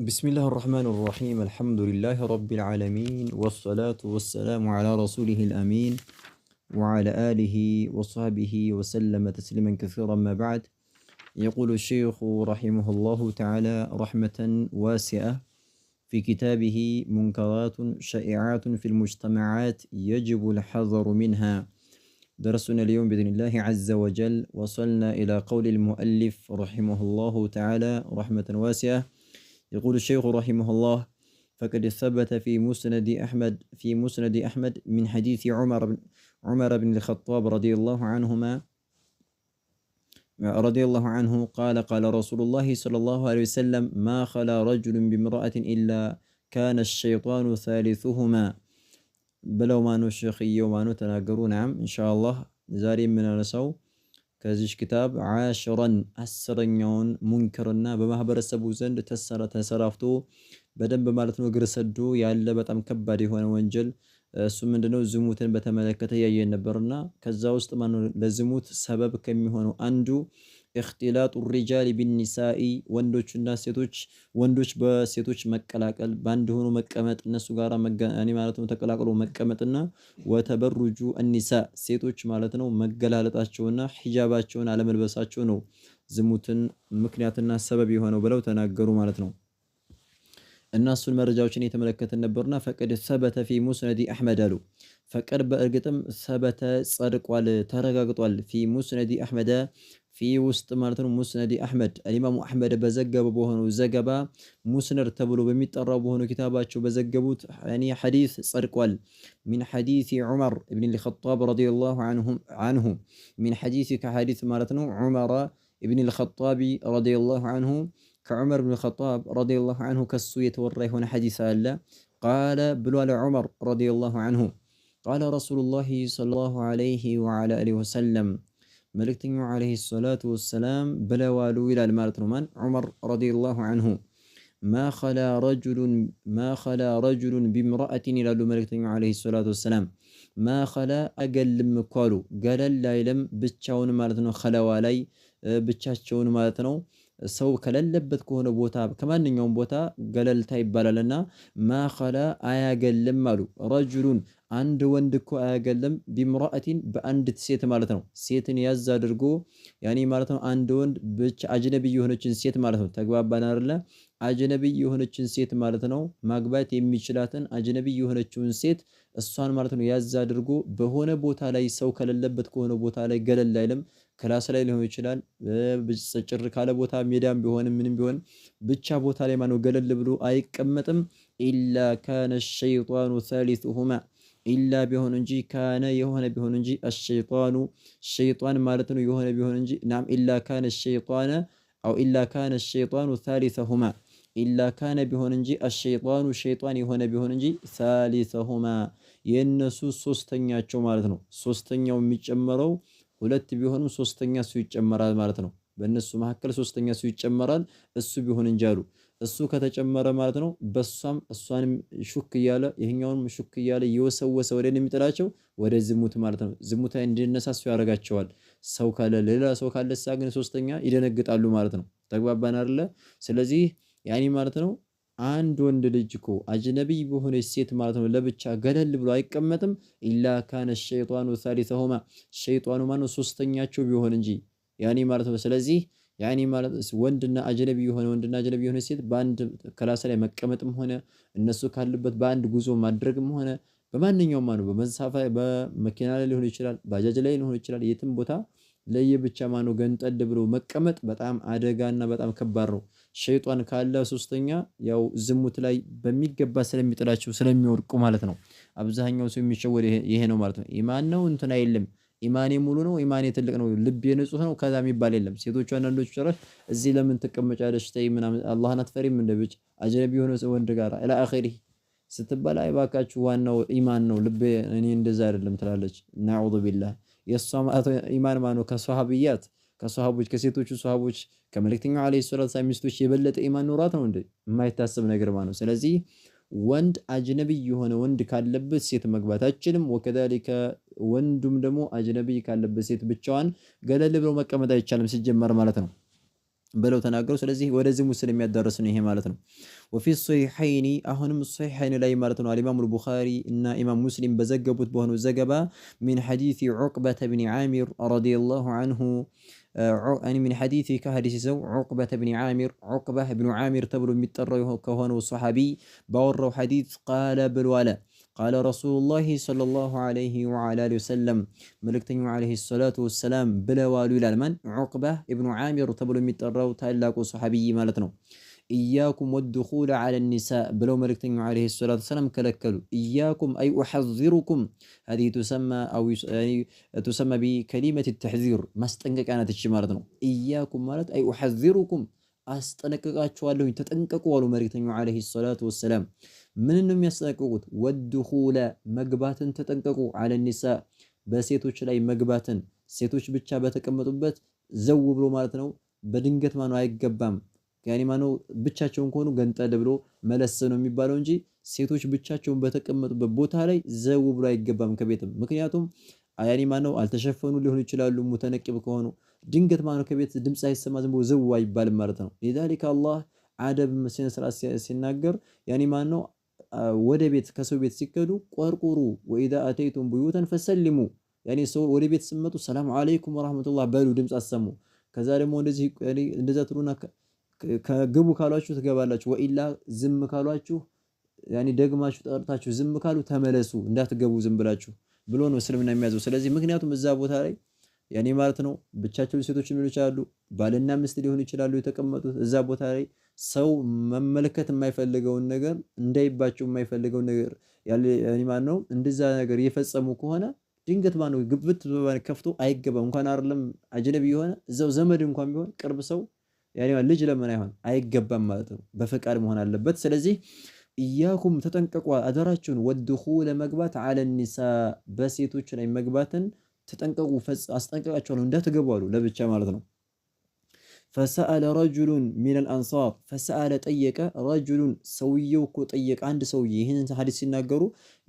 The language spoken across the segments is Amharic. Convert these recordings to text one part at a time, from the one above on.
بسم الله الرحمن الرحيم الحمد لله رب العالمين والصلاة والسلام على رسوله الأمين وعلى آله وصحبه وسلم تسليما كثيرا ما بعد يقول الشيخ رحمه الله تعالى رحمة واسعة في كتابه منكرات شائعات في المجتمعات يجب الحذر منها درسنا اليوم بإذن الله عز وجل وصلنا إلى قول المؤلف رحمه الله تعالى رحمة واسعة يقول الشيخ رحمه الله فقد ثبت في مسند أحمد في مسند أحمد من حديث عمر بن عمر بن الخطاب رضي الله عنهما رضي الله عنه قال قال رسول الله صلى الله عليه وسلم ما خلا رجل بامرأة إلا كان الشيطان ثالثهما بلو ما نشخي وما نتناقرون نعم إن شاء الله زارين من الرسول ከዚች ኪታብ ዓሽረን አስረኛውን ሙንከርና በማህበረሰቡ ዘንድ ተሰራፍቶ በደንብ ማለት ነው እግር ሰዶ ያለ በጣም ከባድ የሆነ ወንጀል እሱ ምንድነው ዝሙትን በተመለከተ እያየን ነበርና ከዛ ውስጥ ማነው ለዝሙት ሰበብ ከሚሆነው አንዱ እክትላጡ ሪጃል ቢኒሳኢ ወንዶችና ሴቶች ወንዶች በሴቶች መቀላቀል በአንድ ሆኖ መቀመጥ እነሱ ጋር እኔ ማለት ነው ተቀላቅሎ መቀመጥና ወተበሩጁ እኒሳ ሴቶች ማለት ነው መገላለጣቸውና ሂጃባቸውን አለመልበሳቸው ነው ዝሙትን ምክንያትና ሰበብ የሆነው ብለው ተናገሩ ማለት ነው። እናሱን መረጃዎችን የተመለከትን ነበርና ፈቅድ ሰበተ ፊ ሙስነዲ አሕመድ አሉ። ፈቀድ በእርግጥም ሰበተ ጸድቋል፣ ተረጋግጧል። ፊ ሙስነዲ አሕመደ ፊ ውስጥ ማለት ነው። ሙስነዲ አሕመድ አልኢማሙ አሕመድ በዘገበ በሆነው ዘገባ ሙስነድ ተብሎ በሚጠራው በሆነው ኪታባቸው በዘገቡት ሐዲስ ጸድቋል። ሚን ሐዲስ ዑመር እብን ልኸጣብ ረዲየላሁ አንሁ ሚን ሐዲስ ከሐዲስ ማለት ነው ዑመራ እብን ልኸጣቢ ረዲየላሁ አንሁ كعمر بن الخطاب رضي الله عنه كسوية والريحون حديث ألا قال بلوال عمر رضي الله عنه قال رسول الله صلى الله عليه وعلى آله وسلم ملك عليه الصلاة والسلام بلوالو إلى المارة رمان عمر رضي الله عنه ما خلا رجل ما خلا رجل بامرأة إلى الملك عليه الصلاة والسلام ما خلا أقل مكارو قال لا يلم بتشاون مالتنو خلا والي بتشاون مالتنو ሰው ከሌለበት ከሆነ ቦታ ከማንኛውም ቦታ ገለልታ ይባላልና ማኸላ አያገለም አሉ። ረጅሉን አንድ ወንድ እኮ አያገለም ቢምራአቲን በአንድት ሴት ማለት ነው። ሴትን ያዝ አድርጎ ያኔ ማለት ነው አንድ ወንድ ብቻ አጅነብይ የሆነችን ሴት ማለት ነው። ተግባባን አይደለ? አጅነብይ የሆነችን ሴት ማለት ነው ማግባት የሚችላትን አጅነብይ የሆነችውን ሴት እሷን ማለት ነው ያዝ አድርጎ በሆነ ቦታ ላይ ሰው ከሌለበት ከሆነ ቦታ ላይ ገለል አይልም። ክላስ ላይ ሊሆን ይችላል። ጭር ካለ ቦታ ሜዳም ቢሆን ምንም ቢሆን ብቻ ቦታ ላይ ማነው ገለል ብሎ አይቀመጥም። ኢላ ካነ ሸይጣኑ ሳሊሱሁማ ኢላ ቢሆን እንጂ ካነ የሆነ ቢሆን እንጂ አሸይጣኑ ሸይጣን ማለት ነው የሆነ ቢሆን እንጂ ናም ኢላ ካነ ሸይጣነ አው ኢላ ካነ ሸይጣኑ ሳሊሰሁማ ኢላ ካነ ቢሆን እንጂ አሸይጣኑ ሸይጣን የሆነ ቢሆን እንጂ ሳሊሰሁማ የእነሱ ሶስተኛቸው ማለት ነው። ሶስተኛው የሚጨመረው ሁለት ቢሆንም ሶስተኛ እሱ ይጨመራል ማለት ነው። በእነሱ መካከል ሶስተኛ እሱ ይጨመራል እሱ ቢሆን እንጂ አሉ። እሱ ከተጨመረ ማለት ነው በሷም እሷንም ሹክ እያለ ይሄኛውንም ሹክ እያለ እየወሰወሰ ወደ የሚጥላቸው ወደ ዝሙት ማለት ነው። ዝሙት ላይ እንዲነሳሱ ያደርጋቸዋል። ሰው ካለ ሌላ ሰው ካለ ግን ሶስተኛ ይደነግጣሉ ማለት ነው። ተግባባን አይደለ? ስለዚህ ያኔ ማለት ነው አንድ ወንድ ልጅ እኮ አጅነቢይ በሆነች ሴት ማለት ነው ለብቻ ገለል ብሎ አይቀመጥም። ኢላ ካነ ሸይጣኑ ሳሊሰሁማ ሸይጣኑ ማነው ሶስተኛቸው ቢሆን እንጂ ያኔ ማለት ነው። ስለዚህ ያኔ ማለት ወንድና አጅነቢይ የሆነ ወንድና አጅነቢይ የሆነ ሴት በአንድ ክላስ ላይ መቀመጥም ሆነ እነሱ ካሉበት በአንድ ጉዞ ማድረግም ሆነ በማንኛውም ማነው በመንሳፈ በመኪና ላይ ሊሆን ይችላል፣ ባጃጅ ላይ ሊሆን ይችላል፣ የትም ቦታ ለየብቻ ማኖ ገንጠል ብሎ መቀመጥ በጣም አደጋና በጣም ከባድ ነው። ሸይጧን ካለ ሶስተኛ ያው ዝሙት ላይ በሚገባ ስለሚጥላቸው ስለሚወድቁ ማለት ነው። አብዛኛው ሰው የሚሸወድ ይሄ ነው ማለት ነው። ኢማን ነው እንትን አይልም ኢማኔ ሙሉ ነው ኢማኔ ትልቅ ነው ልቤ ንጹህ ነው ከዛ የሚባል የለም። ሴቶቹ አንዳንዶቹ ጭራሽ እዚህ ለምን ትቀመጫለሽ? ተይ ምናምን አላህን አትፈሪም እንደ ብጭ አጅነቢ የሆነ ወንድ ጋር ኢላ አኺሪ ስትባል አይ ዋናው ኢማን ነው ልቤ እኔ እንደዛ አይደለም ትላለች። ነዑዙ ቢላህ የእሷ ኢማን ማኑ ከሶሃብያት ከሶሃቦች ከሴቶቹ ሶሃቦች ከመልእክተኛው ዓለይሂ ሰላቱ ወሰላም ሚስቶች የበለጠ ኢማን ኖራት ነው እንዴ? የማይታሰብ ነገር ማነው። ስለዚህ ወንድ አጅነቢ የሆነ ወንድ ካለበት ሴት መግባት አይችልም። ወከዛሊከ ወንዱም ደግሞ አጅነቢ ካለበት ሴት ብቻዋን ገለል ብሎ መቀመጥ አይቻልም ሲጀመር ማለት ነው። بلو تناقروا سلزيه ورزي مسلم يدرسون هي مالتنا وفي الصحيحين أهون الصحيحين لا مالتنا الإمام البخاري إن إمام مسلم بزقبت بهن زقبة من حديث عقبة بن عامر رضي الله عنه أنا من حديث كهدي سو عقبة بن عامر عقبة بن عامر تبر متر كهون الصحابي بور حديث قال بل ولا قال رسول الله صلى الله عليه وعلى آله وسلم ملكتني عليه الصلاة والسلام إلى من عقبة ابن عامر تبلو المتراو تالاكو صحابي مالتنا إياكم والدخول على النساء بلو ملكتني عليه الصلاة والسلام كلكلوا إياكم أي أحذركم هذه تسمى أو يعني تسمى بكلمة التحذير ما استنقك أنا تشمارتنا إياكم مالت أي أحذركم አስጠነቅቃችኋለሁኝ ተጠንቀቁ አሉ መልእክተኛው ዓለይሂ ሰላቱ ወሰላም። ምንን ነው የሚያስጠነቅቁት? ወድኹለ መግባትን ተጠንቀቁ፣ አለ ኒሳ በሴቶች ላይ መግባትን ሴቶች ብቻ በተቀመጡበት ዘው ብሎ ማለት ነው። በድንገት ማነው አይገባም። ያኔ ማነው ብቻቸውን ከሆኑ ገንጠል ብሎ መለስ ነው የሚባለው እንጂ ሴቶች ብቻቸውን በተቀመጡበት ቦታ ላይ ዘው ብሎ አይገባም ከቤትም። ምክንያቱም ያኔ ማነው አልተሸፈኑ ሊሆኑ ይችላሉ ሙተነቅብ ከሆኑ ድንገት ማነው ከቤት ድምፅ አይሰማ ዝም ብሎ ዘው አይባልም ማለት ነው። ሊዛሊከ አላህ አደብ ስነ ስርዓት ሲናገር ያኔ ማነው ወደ ቤት ከሰው ቤት ሲከዱ ቆርቁሩ ወኢዛ አተይቱም ቡዩተን ፈሰልሙ ያኔ ሰው ወደ ቤት ስመጡ ሰላም አለይኩም ወራህመቱላህ በሉ ድምፅ አሰሙ። ከዛ ደግሞ እንደዚህ እንደዛ ትሉና ከግቡ ካሏችሁ ትገባላችሁ። ወኢላ ዝም ካሏችሁ ያኔ ደግማችሁ ጠርታችሁ ዝም ካሉ ተመለሱ እንዳትገቡ ዝም ብላችሁ ብሎ ነው እስልምና የሚያዘው። ስለዚህ ምክንያቱም እዛ ቦታ ላይ ያኔ ማለት ነው ብቻቸውን ሴቶች ሊሆኑ ይችላሉ፣ ባልና ሚስት ሊሆኑ ይችላሉ። የተቀመጡት እዛ ቦታ ላይ ሰው መመልከት የማይፈልገውን ነገር እንዳይባቸው የማይፈልገውን ነገር ያኔ ማለት ነው እንደዛ ነገር እየፈጸሙ ከሆነ ድንገት ማለት ነው ግብት ከፍቶ አይገባም። እንኳን አይደለም አጀነብ የሆነ እዛው ዘመድ እንኳን ቢሆን ቅርብ ሰው ያኔ ልጅ ለምን አይሆን አይገባም ማለት ነው። በፈቃድ መሆን አለበት። ስለዚህ እያኩም ተጠንቀቁ፣ አደራችሁን ወድኹ ለመግባት አለ በሴቶች ላይ መግባትን ተጠንቀቁ፣ አስጠንቀቃቸዋለሁ እንዳትገቡ አሉ። ለብቻ ማለት ነው። ፈሰአለ ረጁሉን ሚነል አንሳር ፈሰአለ ጠየቀ። ረጁሉን ሰውየው እኮ ጠየቀ። አንድ ሰውዬ ይህንን ሀዲስ ሲናገሩ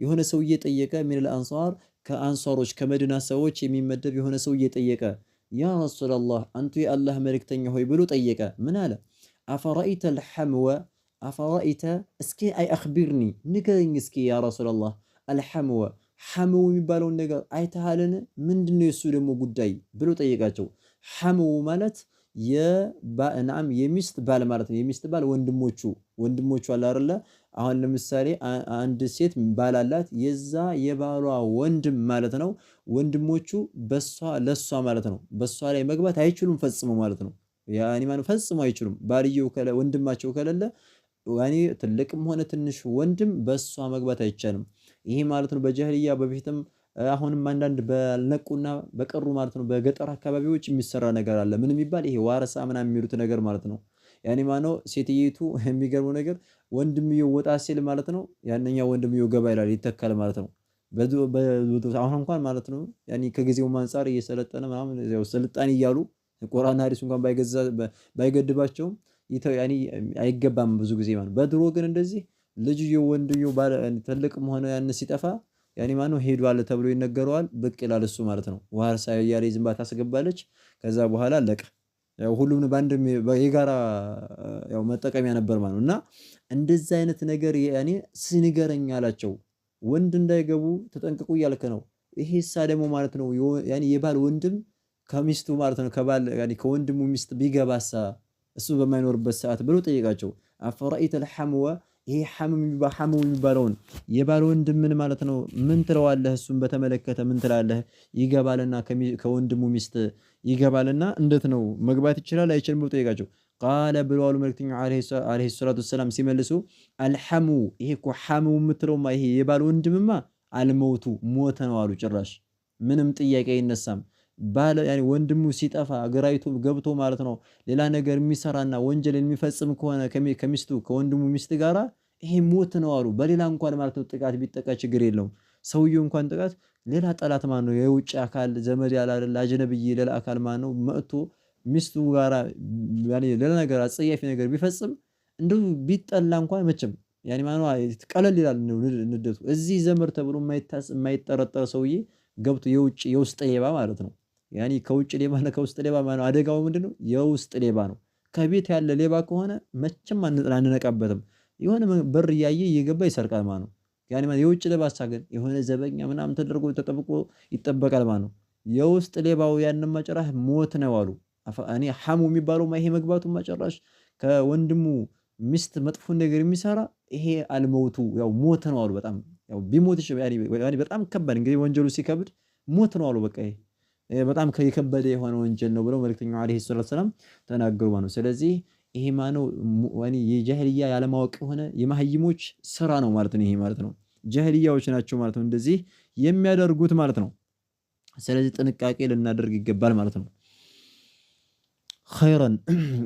የሆነ ሰውዬ ጠየቀ። ሚነል አንሳር ከአንሳሮች ከመዲና ሰዎች የሚመደብ የሆነ ሰውዬ ጠየቀ። ያ ረሱላላህ አንቱ የአላህ መልእክተኛ ሆይ ብሎ ጠየቀ። ምን አለ? አፈራኢተ አልሐምወ አፈራኢተ፣ እስኪ አይ አኽቢርኒ ንገረኝ እስኪ ያ ረሱላላህ አልሐምወ ሐመው የሚባለውን ነገር አይተሃልን? ምንድነው የሱ ደግሞ ጉዳይ ብሎ ጠየቃቸው። ሐመው ማለት የባእናም የሚስት ባል ማለት ነው። የሚስት ባል ወንድሞቹ ወንድሞቹ አለ አይደለ? አሁን ለምሳሌ አንድ ሴት ባል አላት፣ የዛ የባሏ ወንድም ማለት ነው። ወንድሞቹ በሷ ለሷ ማለት ነው በሷ ላይ መግባት አይችሉም ፈጽሞ ማለት ነው። ያኔ ማን ፈጽሞ አይችሉም። ባልየው ወንድማቸው ከሌለ ያኔ ትልቅም ሆነ ትንሽ ወንድም በሷ መግባት አይቻልም። ይሄ ማለት ነው በጃህልያ በፊትም አሁንም አንዳንድ በለቁና በቀሩ ማለት ነው በገጠር አካባቢዎች የሚሰራ ነገር አለ። ምን የሚባል ይሄ ዋረሳ ምናምን የሚሉት ነገር ማለት ነው። ያኔ ማነው ሴትየይቱ የሚገርመው ነገር ወንድምየው ወጣ ሲል ማለት ነው ያነኛ ወንድምየው ገባ ይላል ይተካል ማለት ነው። አሁን እንኳን ማለት ነው ያኔ ከጊዜውም አንፃር እየሰለጠነ ምናምን ያው ስልጣኔ እያሉ ቁርአን ሀዲስ እንኳን ባይገድባቸውም ያኔ አይገባም ብዙ ጊዜ ማለት በድሮ ግን እንደዚህ ልጅየው ወንድየው ባለ ትልቅም ሆነ ያን ሲጠፋ ያኔ ማኑ ሄዷል ተብሎ ይነገረዋል። ብቅ ይላል እሱ ማለት ነው። ውሃ ሳያሌ ዝምባ ታስገባለች። ከዛ በኋላ አለቀ። ያው ሁሉም በአንድ የጋራ ያው መጠቀሚያ ነበር ማለት እና እንደዛ አይነት ነገር ያኔ ሲንገረኝ አላቸው። ወንድ እንዳይገቡ ተጠንቅቁ እያልክ ነው። ይሄ ሳ ደግሞ ማለት ነው ያኔ የባል ወንድም ከሚስቱ ማለት ነው ከባል ያኔ ከወንድሙ ሚስት ቢገባሳ እሱ በማይኖርበት ሰዓት ብሎ ጠይቃቸው አፈራኢተል ሐምዋ ይሄ ሐሙ የሚባለውን የባል ወንድምን ማለት ነው። ምን ትለዋለህ? እሱን በተመለከተ ምን ትላለህ? ይገባልና ከወንድሙ ሚስት ይገባልና እንዴት ነው መግባት ይችላል አይችልም ብሎ ጠየቃቸው። ቃለ ብለዋሉ መልክተኛ ዓለይሂ ሰላቱ ወሰላም ሲመልሱ አልሐሙ ይሄ እኮ ሐሙ የምትለውማ ይሄ የባል ወንድምማ አልመውቱ ሞተ ነው አሉ። ጭራሽ ምንም ጥያቄ አይነሳም። ባለ ያኔ ወንድሙ ሲጠፋ ግራይቱ ገብቶ ማለት ነው ሌላ ነገር የሚሰራና ወንጀል የሚፈጽም ከሆነ ከሚስቱ ከወንድሙ ሚስት ጋራ ይሄ ሞት ነው አሉ። በሌላ እንኳን ማለት ነው ጥቃት ቢጠቃ ችግር የለውም። ሰውየው እንኳን ጥቃት ሌላ ጠላት ማን ነው የውጭ አካል ዘመድ ያላለ አጅነብይ ሌላ አካል ማን ነው መጥቶ ሚስቱ ጋራ ያኔ ሌላ ነገር አጸያፊ ነገር ቢፈጽም እንደው ቢጠላ እንኳን መቼም ያኔ ማን ቀለል ይላል ንደቱ። እዚህ ዘመድ ተብሎ የማይታስ የማይጠረጠር ሰውዬ ገብቶ የውጭ የውስጥ ሌባ ማለት ነው። ያኔ ከውጭ ሌባ ነው ከውስጥ ሌባ ማን ነው አደጋው ምንድነው? የውስጥ ሌባ ነው። ከቤት ያለ ሌባ ከሆነ መቼም አንነቃበትም። የሆነ በር እያየ እየገባ ይሰርቃል ማለት ነው። ያኔ ማለት የውጭ ለባሳ ግን የሆነ ዘበኛ ምናምን ተደርጎ ተጠብቆ ይጠበቃል ማለት ነው። የውስጥ ሌባው ያን ጭራሽ ሞት ነው አሉ። እኔ ሐሙ የሚባለውማ ይሄ መግባቱ ጭራሽ ከወንድሙ ሚስት መጥፎ ነገር የሚሰራ ይሄ አልመውቱ ያው ሞት ነው አሉ። በጣም ያው ቢሞት ያኔ በጣም ከባድ እንግዲህ ወንጀሉ ሲከብድ ሞት ነው አሉ። በቃ ይሄ በጣም የከበደ የሆነ ወንጀል ነው ብለው መልእክተኛው ዓለይሂ ሰላቱ ወሰላም ተናገሩ ማለት ነው። ስለዚህ ይሄ ማነው ወኒ የጀህልያ ያለማወቅ የሆነ የመሀይሞች ስራ ነው ማለት ነው። ይሄ ማለት ነው ጀህልያዎች ናቸው ማለት ነው እንደዚህ የሚያደርጉት ማለት ነው። ስለዚህ ጥንቃቄ ልናደርግ ይገባል ማለት ነው። ኸይረን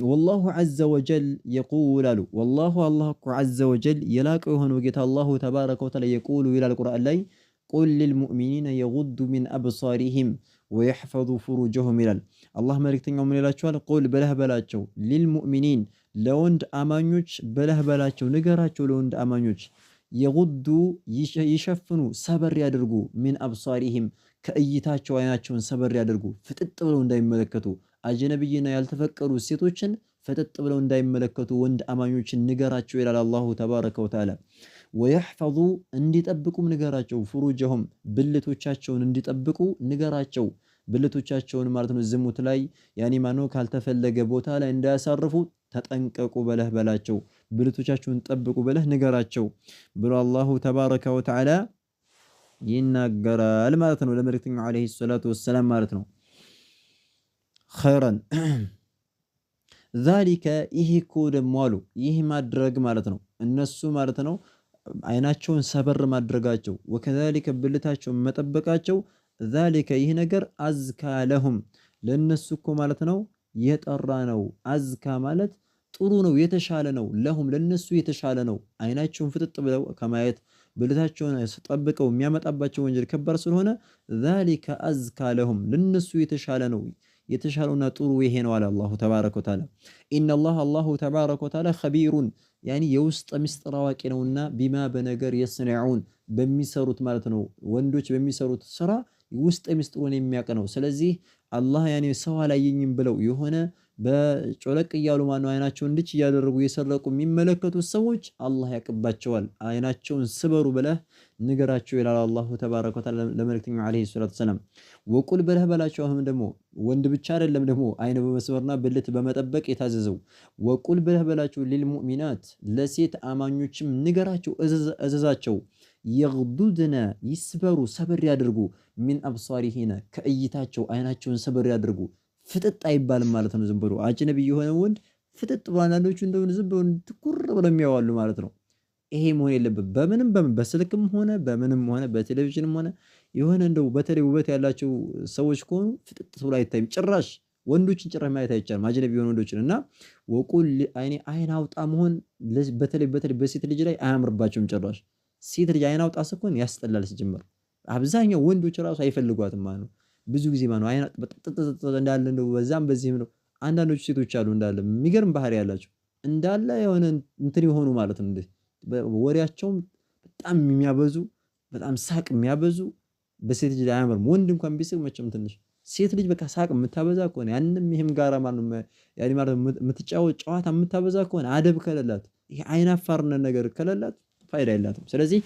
ወላሁ ዐዘ ወጀል የቁል አሉ ወላሁ አላህ እኮ ዐዘ ወጀል የላቀው የሆነው ጌታ አላሁ ተባረከ ወተዓላ የቁሉ ይላል ቁርአን ላይ ቁል ሊልሙእሚኒነ የጉዱ ሚን አብሳሪሂም ወየሕፈዙ ፍሩጀሁም ይላል። አላህ መልእክተኛው ምን ይላቸዋል? ቁል በለህ በላቸው ሊልሙእሚኒን ለወንድ አማኞች በለህ በላቸው ንገራቸው ለወንድ አማኞች የጉዱ ይሸፍኑ ሰበር ያድርጉ ሚን አብሳሪሂም ከእይታቸው አይናቸውን ሰበር ያድርጉ ፍጥጥ ብለው እንዳይመለከቱ አጀነብይና ያልተፈቀዱ ሴቶችን ፍጥጥ ብለው እንዳይመለከቱ ወንድ አማኞችን ንገራቸው ይላል አላሁ ተባረከ ወተዓላ። ወየሕፈዙ እንዲጠብቁም ንገራቸው። ፍሩጀሁም ብልቶቻቸውን እንዲጠብቁ ንገራቸው። ብልቶቻቸውን ማለት ነው ዝሙት ላይ ያኔ ማኖ ካልተፈለገ ቦታ ላይ እንዳያሳርፉ ተጠንቀቁ በለህ በላቸው። ብልቶቻቸውን ጠብቁ በለህ ንገራቸው ብሎ አላሁ ተባረከ ወተዓላ ይናገራል ማለት ነው ለመልክተኛው ዓለይሂ ሰላቱ ወሰላም ማለት ነው። ኸይረን ዛሊከ ይህ እኮ ደግሞ አሉ ይህ ማድረግ ማለት ነው እነሱ ማለት ነው አይናቸውን ሰበር ማድረጋቸው ወከዛሊከ ብልታቸውን መጠበቃቸው ዛሊከ ይህ ነገር አዝካ ለሁም ለነሱ እኮ ማለት ነው የጠራ ነው። አዝካ ማለት ጥሩ ነው፣ የተሻለ ነው። ለሁም ለነሱ የተሻለ ነው። አይናቸውን ፍጥጥ ብለው ከማየት ብልታቸውን ጠብቀው የሚያመጣባቸው ወንጀል ከባድ ስለሆነ ዛሊከ አዝካ ለሁም ለነሱ የተሻለ ነው። የተሻለውና ጥሩ ይሄ ነው አለ አላሁ ተባረከ ወተዓላ። ኢነላህ አላሁ ተባረከ ወተዓላ ኸቢሩን ያኒ የውስጥ ምስጢር አዋቂ ነውና ቢማ በነገር የስነዑን በሚሰሩት ማለት ነው ወንዶች በሚሰሩት ስራ ውስጥ ምስጢሩን የሚያቅ ነው። ስለዚህ አላህ ያኔ ሰው አላየኝም ብለው የሆነ በጮለቅ እያሉ ማነው አይናቸውን እንድች እያደረጉ የሰረቁ የሚመለከቱት ሰዎች አላህ ያቅባቸዋል። አይናቸውን ስበሩ ብለህ ንገራቸው ይላል አላሁ ተባረከ ወተዓላ ለመልእክተኛው ዓለይሂ ሰላቱ ወሰላም። ወቁል በለህ በላቸው። አሁን ደግሞ ወንድ ብቻ አይደለም ደግሞ አይነ በመስመርና ብልት በመጠበቅ የታዘዘው ወቁል በለህ በላቸው። ሊልሙእሚናት ለሴት አማኞችም ንገራቸው፣ እዘዛቸው የግዱድነ ይስበሩ ሰበር ያድርጉ። ሚን አብሳሪሂነ ከእይታቸው አይናቸውን ሰበር ያድርጉ። ፍጥጥ አይባልም ማለት ነው። ዝም ብሎ አጅነቢ የሆነ ወንድ ፍጥጥ ብሎ አንዳንዶቹ እንደሆነ ዝም ብሎ ትኩር ብለው የሚያዋሉ ማለት ነው። ይሄ መሆን የለብን። በምንም በምን በስልክም ሆነ በምንም ሆነ በቴሌቪዥንም ሆነ የሆነ እንደው በተለይ ውበት ያላቸው ሰዎች ከሆኑ ፍጥጥ ብሎ አይታይም። ጭራሽ ወንዶችን ጭራሽ ማየት አይቻልም። አጅነቢ የሆኑ ወንዶችን እና ወቁል አይኔ አይን አውጣ መሆን በተለይ በተለይ በሴት ልጅ ላይ አያምርባቸውም። ጭራሽ ሴት ልጅ አይን አውጣ ስኮን ያስጠላል። ሲጀምር አብዛኛው ወንዶች ራሱ አይፈልጓትም ማለት ነው። ብዙ ጊዜ ማለት ነው አይን እንዳለ እንደው በዛም በዚህም ነው። አንዳንዶቹ ሴቶች አሉ እንዳለ የሚገርም ባህሪ ያላቸው እንዳለ የሆነ እንትን የሆኑ ማለት ነው ወሬያቸውም በጣም የሚያበዙ በጣም ሳቅ የሚያበዙ በሴት ልጅ ላይ አያምርም። ወንድ እንኳን ቢስቅ መቼም ትንሽ ሴት ልጅ በቃ ሳቅ የምታበዛ ከሆነ ያንም ይህም ጋራ ማለት የምትጫወት ጨዋታ የምታበዛ ከሆነ አደብ ከሌላት ይሄ አይናፋርነት ነገር ከሌላት ፋይዳ የላትም። ስለዚህ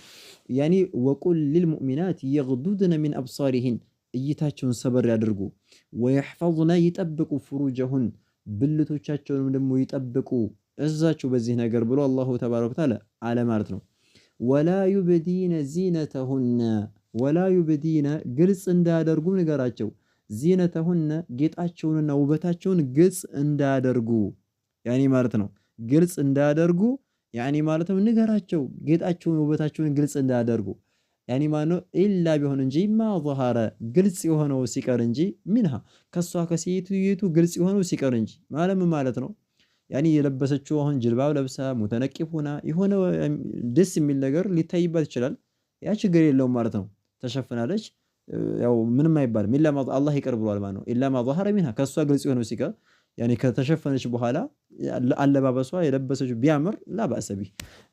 ያኔ ወቁል ሊልሙእሚናት የግዱድነ ሚን አብሳሪሂን እይታቸውን ሰበር ያድርጉ። ወየሕፈዝነ ይጠብቁ ፍሩጀሁን ብልቶቻቸውንም ደግሞ ይጠብቁ። እዛችሁ በዚህ ነገር ብሎ አላሁ ተባረከ ወተዓላ አለ ማለት ነው። ወላ ዩብዲነ ዚነተሁነ ወላ ዩብዲነ ግልጽ እንዳያደርጉ ንገራቸው። ዚነተሁነ ጌጣቸውንና ውበታቸውን ግልጽ እንዳያደርጉ ያኒ ማለት ነው። ግልጽ እንዳያደርጉ ያኒ ማለት ነው። ንገራቸው ጌጣቸውን ውበታቸውን ግልጽ እንዳያደርጉ ያኒ ማለት ነው። ኢላ ቢሆን እንጂ ማ ظهረ ግልጽ የሆነው ሲቀር እንጂ ሚንሃ ከሷ ከሴቱ ይቱ ግልጽ የሆነው ሲቀር እንጂ ማለም ማለት ነው። ያኔ የለበሰችው አሁን ጅልባብ ለብሳ ሙተነቂፍ ሆና የሆነ ደስ የሚል ነገር ሊታይባት ይችላል። ያ ችግር የለውም ማለት ነው። ተሸፍናለች፣ ያው ምንም አይባልም። ኢላ ማ አላህ ይቅር ብሏል ማለት ነው። ኢላ ማ ዛሀረ ሚንሃ ከእሷ ግልጽ የሆነው ሲቀር ያኔ ከተሸፈነች በኋላ አለባበሷ የለበሰችው ቢያምር ላባሰቢ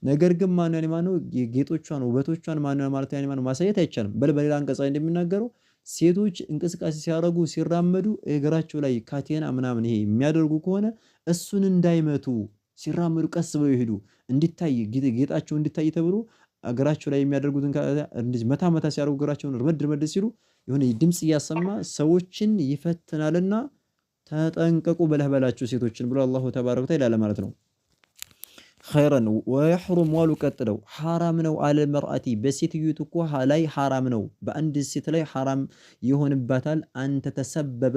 ነገር ግን ማን ያኔ ማነው ጌጦቿን ውበቶቿን ማን ማለት ያኔ ማነው ማሳየት አይቻልም። በል በሌላ አንቀጽ እንደሚናገረው ሴቶች እንቅስቃሴ ሲያደርጉ ሲራመዱ እግራቸው ላይ ካቴና ምናምን ይሄ የሚያደርጉ ከሆነ እሱን እንዳይመቱ ሲራመዱ ቀስ ብለው ይሄዱ እንዲታይ ጌጣቸው እንዲታይ ተብሎ እግራቸው ላይ የሚያደርጉትን እንደዚህ መታ መታ ሲያደርጉ እግራቸውን ርመድ ርመድ ሲሉ የሆነ ድምፅ እያሰማ ሰዎችን ይፈትናልና ተጠንቀቁ በለህ በላችሁ ሴቶችን ብሎ አላሁ ተባረከ ወተዓላ ይላል ማለት ነው። ኸይረን ወየሕሩም ዋሉ ቀጥለው ሐራም ነው አለመርአቲ በሴትዮቱ እኮ ላይ ሐራም ነው። በአንድ ሴት ላይ ሐራም ይሆንባታል። አንተ ተሰበበ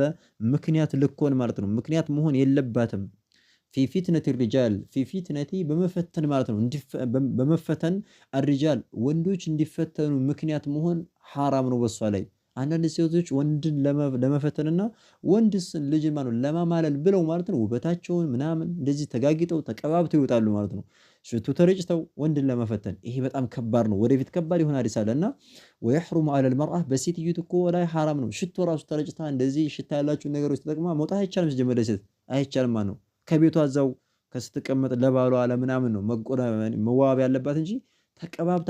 ምክንያት ልኮን ማለት ነው። ምክንያት መሆን የለባትም። ፊ ፊትነት ሪጃል ፊ ፊትነቲ በመፈተን ማለት ነው። በመፈተን አሪጃል ወንዶች እንዲፈተኑ ምክንያት መሆን ሐራም ነው በሷ ላይ አንዳንድ ሴቶች ወንድን ለመፈተንና ወንድስ ልጅ ማለት ለማማለል ብለው ማለት ነው ውበታቸውን ምናምን እንደዚህ ተጋግጠው ተቀባብተው ይወጣሉ ማለት ነው። ሽቱ ተረጭተው ወንድን ለመፈተን ይሄ በጣም ከባድ ነው። ወደፊት ከባድ ይሆን አዲስ አለና ወይሕሩሙ አለል መርአ በሴትዮት እኮ ላይ ሐራም ነው። ሽቶ ራሱ ተረጭታ እንደዚህ ሽታ ያላቸውን ነገሮች ተጠቅማ መውጣት አይቻልም። ሲጀመረ ሴት አይቻልም ማለት ነው። ከቤቷ እዛው ከስትቀመጥ ለባሏ ለምናምን ነው መዋብ ያለባት እንጂ ተቀባብታ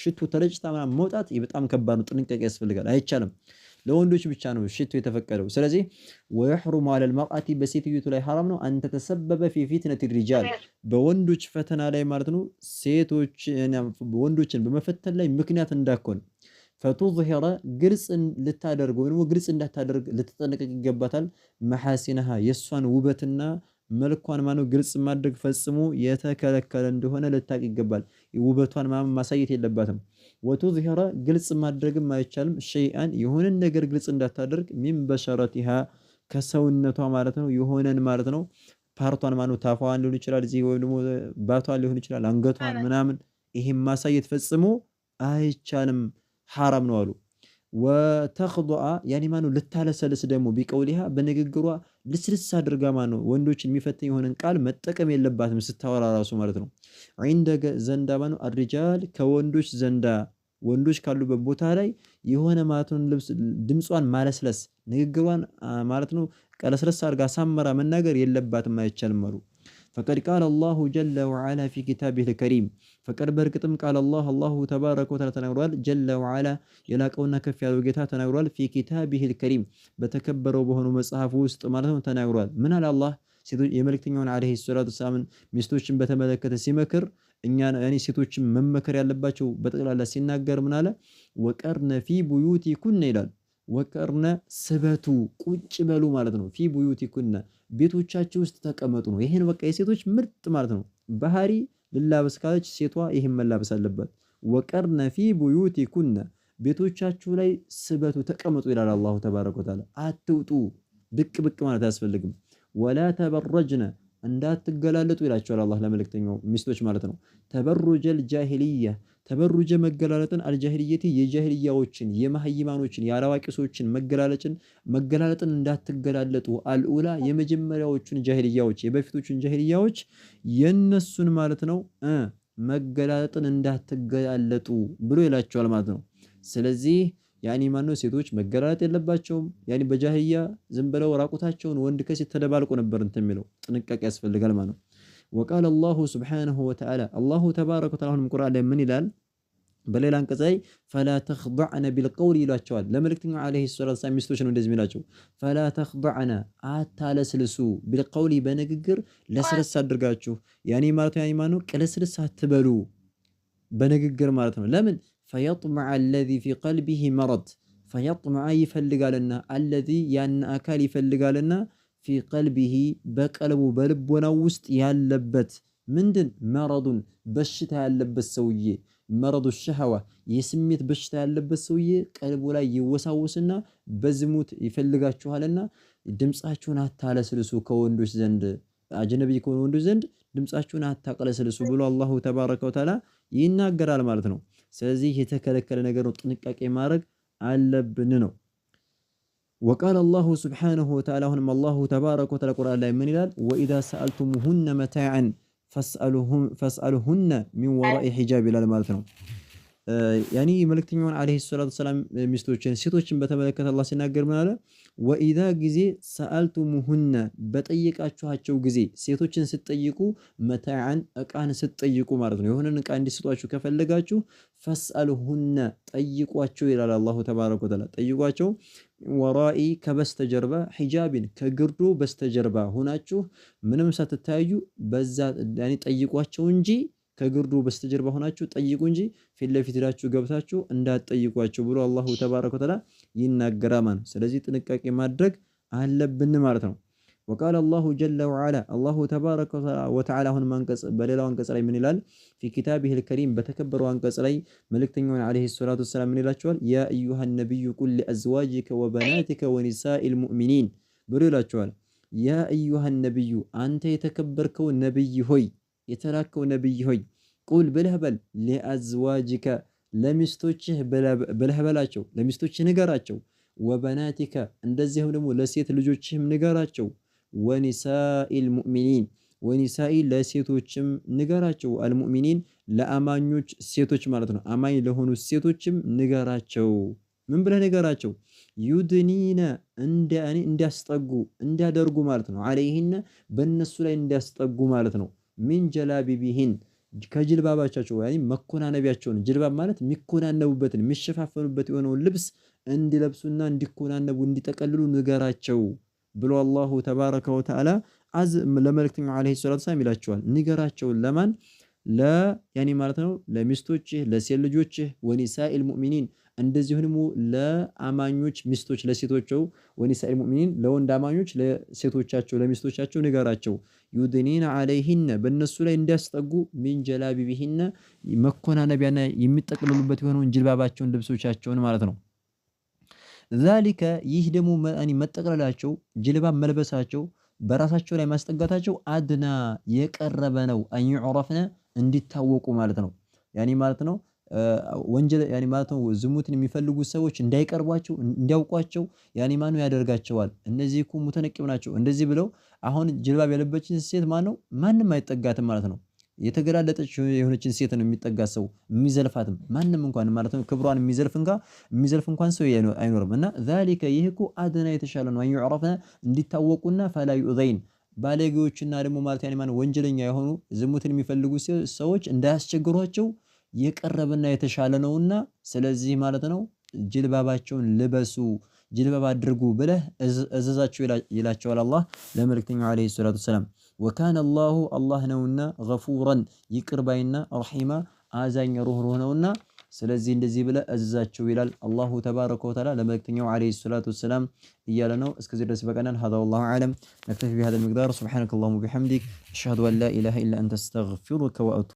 ሽቱ ተረጭታ ምናምን መውጣት በጣም ከባድ ነው። ጥንቃቄ ያስፈልጋል። አይቻልም። ለወንዶች ብቻ ነው ሽቱ የተፈቀደው። ስለዚህ ወይሕሩሙ አለል መርአቲ በሴትዮቱ ላይ ሐራም ነው። አንተ ተሰበበ ፊ ፊትነት ሪጃል በወንዶች ፈተና ላይ ማለት ነው። ሴቶች ወንዶችን በመፈተን ላይ ምክንያት እንዳኮን ፈቱዝሂረ ግልጽ ልታደርግ ወይ ግልጽ እንዳታደርግ ልትጠነቀቅ ይገባታል። መሐሲነሃ የእሷን ውበትና መልኳን ማነው ግልጽ ማድረግ ፈጽሞ የተከለከለ እንደሆነ ልታቅ ይገባል። ውበቷን ማን ማሳየት የለባትም። ወቱዝሂረ ግልጽ ማድረግም አይቻልም። ሸይአን የሆነን ነገር ግልጽ እንዳታደርግ ሚን በሸረቲሃ ከሰውነቷ ማለት ነው የሆነን ማለት ነው ፓርቷን ማነው ታፋዋን ሊሆን ይችላል እዚህ ወይም ደግሞ ባቷን ሊሆን ይችላል አንገቷን ምናምን ይሄን ማሳየት ፈጽሞ አይቻልም፣ ሐራም ነው አሉ። ወተኽዶአ ያኔ ማነው ልታለሰልስ ደግሞ ቢቀውሊሃ በንግግሯ ልስልስ አድርጋ ማነው ወንዶችን የሚፈትን የሆነን ቃል መጠቀም የለባትም ስታወራ ራሱ ማለት ነው። ዒንደ ዘንዳ ማነው አሪጃል ከወንዶች ዘንዳ ወንዶች ካሉበት ቦታ ላይ የሆነ ማለት ነው ልብስ ድምጿን ማለስለስ ንግግሯን ማለት ነው ቀለስለስ አድርጋ አሳምራ መናገር የለባትም አይቻልም አሉ። ፈቀድ ቃለ አላሁ ጀለ ወዓላ ፊ ኪታቢሂል ከሪም ፈቀድ በእርግጥም ቃለ አላህ አላሁ ተባረከ ወተዓላ ተናግሯል። ጀለ ወዓላ የላቀውና ከፍ ያለው ጌታ ተናግሯል። ፊ ኪታቢሂል ከሪም በተከበረው በሆነው መጽሐፉ ውስጥ ማለት ነው ተናግሯል። ምን አለ አላህ የመልእክተኛውን ዓለይሂ ሰላቱ ወሰላም ሚስቶችን በተመለከተ ሲመክር እኛ እኔ ሴቶችን መመከር ያለባቸው በጠቅላላ ሲናገር ምን አለ ወቀርነ ፊ ቡዩቲኩነ ይላል ወቀርነ ስበቱ ቁጭ በሉ ማለት ነው። ፊ ቡዩቲኩነ ቤቶቻችሁ ውስጥ ተቀመጡ ነው። ይሄን በቃ የሴቶች ምርጥ ማለት ነው ባህሪ። ልላበስ ካለች ሴቷ ይሄን መላበስ አለባት። ወቀርነ ፊ ቡዩቲኩነ ቤቶቻችሁ ላይ ስበቱ ተቀመጡ ይላል አላሁ ተባረከ ወተዓላ። አትውጡ፣ ብቅ ብቅ ማለት አያስፈልግም። ወላ ተበረጅነ እንዳትገላለጡ ይላቸዋል አላህ ለመልእክተኛው ሚስቶች ማለት ነው። ተበሩጀ ጃሂልያ ተበሩጀ መገላለጥን አልጃሂልየቲ የጃሂልያዎችን የመሀይማኖችን የአላዋቂ ሰዎችን መገላለጭን መገላለጥን እንዳትገላለጡ አልኡላ የመጀመሪያዎቹን ጃሂልያዎች የበፊቶቹን ጃሂልያዎች የነሱን ማለት ነው መገላለጥን እንዳትገላለጡ ብሎ ይላቸዋል ማለት ነው። ስለዚህ ያኔ ማነው ሴቶች መገላለጥ የለባቸውም። ያኔ በጃህያ ዝም ብለው ራቁታቸውን ወንድ ከሴት ተደባልቆ ነበር እንትን የሚለው ጥንቃቄ ያስፈልጋል ማለት ነው። ወቃለ አላሁ ሱብሓነሁ ወተዓላ አላሁ ተባረከ ወተዓላ አሁንም ቁርአን ላይ ምን ይላል? በሌላ አንቀጽ ላይ ፈላ ተኽደዕነ ቢልቀውል ይሏቸዋል። ለመልእክተኛው ዓለይሂ ሰላቱ ወሰላም ሚስቶች ነው እንደዚህ የሚላቸው ፈላ ተኽደዕነ አታለስልሱ፣ ቢልቀውል በንግግር ለስለስ አድርጋችሁ ያኔ ማለት ያኔ ማነው ቅልስልስ አትበሉ በንግግር ማለት ነው ለምን ፈየጥመዐ አለዚ ፊ ቀልቢሂ መረድ ፈየጥመዐ ይፈልጋልና አለዚ ያን አካል ይፈልጋልና ፊ ቀልቢሂ በቀልቡ በልቦናው ውስጥ ያለበት ምንድን መረዱን በሽታ ያለበት ሰውዬ መረዱ ሸሃዋ የስሜት በሽታ ያለበት ሰውዬ ቀልቡ ላይ ይወሳወስና በዝሙት ይፈልጋችኋልና ድምፃችሁን አታለስልሱ ከወንዶች ዘንድ አጅነቢ ከሆኑ ወንዶች ዘንድ ድምፃችሁን አታቅለስልሱ ብሎ አላሁ ተባረከ ወተዓላ ይናገራል ማለት ነው። ስለዚህ የተከለከለ ነገር ነው፣ ጥንቃቄ ማድረግ አለብን ነው። ወቃል አላሁ ስብሓነሁ ወተዓላ አሁንም አላሁ ተባረከ ወተዓላ ቁርአን ላይ ምን ይላል? ወኢዛ ሰአልቱሙሁነ መታዕን ፈስአልሁነ ሚን ወራኢ ሒጃብ ይላል ማለት ነው። ያኒ መልእክተኛውን ዓለይሂ ሰላቱ ወሰላም ሚስቶችን ሴቶችን በተመለከተ አላህ ሲናገር ምን አለ? ወኢዛ ጊዜ ሙሁነ በጠየቃችኋቸው ጊዜ ሴቶችን ስትጠይቁ መታዓን እቃን ስትጠይቁ ማለት ነው። የሆነን እቃ እንዲሰጧችሁ ከፈለጋችሁ ፈስአልሁነ ጠይቋቸው ይላል አላሁ ተባረከ ወተዓላ። ጠይቋቸው ወራኢ ከበስተጀርባ ሒጃቢን ከግርዶ በስተጀርባ ሆናችሁ ምንም ሳትታዩ በዛ ጠይቋቸው እንጂ ከግርዱ በስተጀርባ ሆናችሁ ጠይቁ እንጂ ፊት ለፊት ሄዳችሁ ገብታችሁ እንዳትጠይቋቸው ብሎ አላሁ ተባረከ ወተዓላ ይናገራል ማለት ነው። ስለዚህ ጥንቃቄ ማድረግ አለብን ማለት ነው። ወቃለ አላሁ ጀለ ወዓላ አላሁ ተባረከ ወተዓላ አሁን አንቀጽ በሌላው አንቀጽ ላይ ምን ይላል? ፊ ኪታቢሂል ከሪም በተከበረው አንቀጽ ላይ መልእክተኛውን ዓለይሂ ሰላቱ ወሰላም ምን ይላቸዋል? ያ አዩሃ ነቢዩ ቁል ሊአዝዋጅከ ወበናቲከ ወኒሳኢል ሙእሚኒን ብሎ ይላቸዋል። ያ አዩሃ ነቢዩ አንተ የተከበርከው ነቢይ ሆይ የተላከው ነቢይ ሆይ ቁል ብለህ በል ሊአዝዋጅከ ለሚስቶችህ ብለህ በላቸው ለሚስቶችህ ንገራቸው ወበናቲከ እንደዚህም ደግሞ ለሴት ልጆችህም ንገራቸው ወኒሳኢል ሙእሚኒን ወኒሳኢ ለሴቶችም ንገራቸው አልሙእሚኒን ለአማኞች ሴቶች ማለት ነው። አማኝ ለሆኑ ሴቶችም ንገራቸው። ምን ብለህ ንገራቸው? ዩድኒነ እንዲያስጠጉ እንዲያደርጉ ማለት ነው። አለይህነ በእነሱ ላይ እንዲያስጠጉ ማለት ነው። ሚን ጀላቢቢሂን ከጅልባባቻቸው ያኔ መኮናነቢያቸውን ጅልባብ ማለት የሚኮናነቡበትን የሚሸፋፈኑበት የሆነውን ልብስ እንዲለብሱና እንዲኮናነቡ እንዲጠቀልሉ ንገራቸው ብሎ አላሁ ተባረከ ወተዓላ አዝ ለመልእክተኛው ዓለይሂ ሰላቱ ወሰላም ይላቸዋል። ንገራቸውን ለማን? ለያኔ ማለት ነው ለሚስቶችህ፣ ለሴት ልጆችህ ወኒሳኢል ሙእሚኒን እንደዚሁንም ለአማኞች ሚስቶች ለሴቶቸው ወኒሳኢል ሙእሚኒን ለወንድ አማኞች ለሴቶቻቸው ለሚስቶቻቸው ንገራቸው ዩድኒን አለይሂነ በእነሱ ላይ እንዲያስጠጉ ሚን ጀላቢቢሂነ መኮናነቢያና የሚጠቅልሉበት የሆነውን ጅልባባቸውን ልብሶቻቸውን ማለት ነው። ዛሊከ ይህ ደግሞ መጠቅለላቸው ጅልባብ መልበሳቸው በራሳቸው ላይ ማስጠጋታቸው አድና የቀረበ ነው። አን ዩዕረፍነ እንዲታወቁ ማለት ነው ያኔ ማለት ነው ወንጀል ያኔ ማለት ነው ዝሙትን የሚፈልጉ ሰዎች እንዳይቀርቧቸው እንዲያውቋቸው ያኔ ማነው ያደርጋቸዋል። እነዚህ እኮ ሙተነቂብ ናቸው እንደዚህ ብለው አሁን ጅልባብ ያለበችን ሴት ማነው ማንም አይጠጋትም ማለት ነው። የተገላለጠች የሆነችን ሴት ነው የሚጠጋት ሰው የሚዘልፋትም ማንም እንኳን ማለት ነው ክብሯን የሚዘልፍ እንኳ የሚዘልፍ እንኳን ሰው አይኖርም። እና ዛሊከ ይህ እኮ አድና የተሻለ ነው ዩዕረፍና እንዲታወቁና ፈላ ዩዘይን ባለጌዎችና ደግሞ ማለት ያኔ ማን ወንጀለኛ የሆኑ ዝሙትን የሚፈልጉ ሰዎች እንዳያስቸግሯቸው የቀረበና የተሻለ ነውና ስለዚህ ማለት ነው ጅልባባቸውን ልበሱ ጅልባብ አድርጉ ብለህ እዘዛቸው ይላቸዋል አላህ ለመልክተኛው ዓለይሂ ሰላቱ ወሰላም። ወካነ አላሁ አላህ ነውና ገፉረን ይቅርባይና ረሒማ አዛኝ ሩህሩህ ነውና ስለዚህ እንደዚህ ብለህ እዘዛቸው ይላል አላሁ ተባረከ ወተዓላ ለመልእክተኛው ዓለይሂ ሰላቱ ወሰላም እያለ ነው። እስከዚህ ድረስ በቀናል ሀዛ ወላሁ አዕለም ነክተፊ ቢሀዛ ልሚቅዳር ሱብሓነከ አላሁመ ወቢሐምዲክ አሽሀዱ አን ላ ኢላሃ ኢላ አንተ አስተግፊሩከ ወአቱ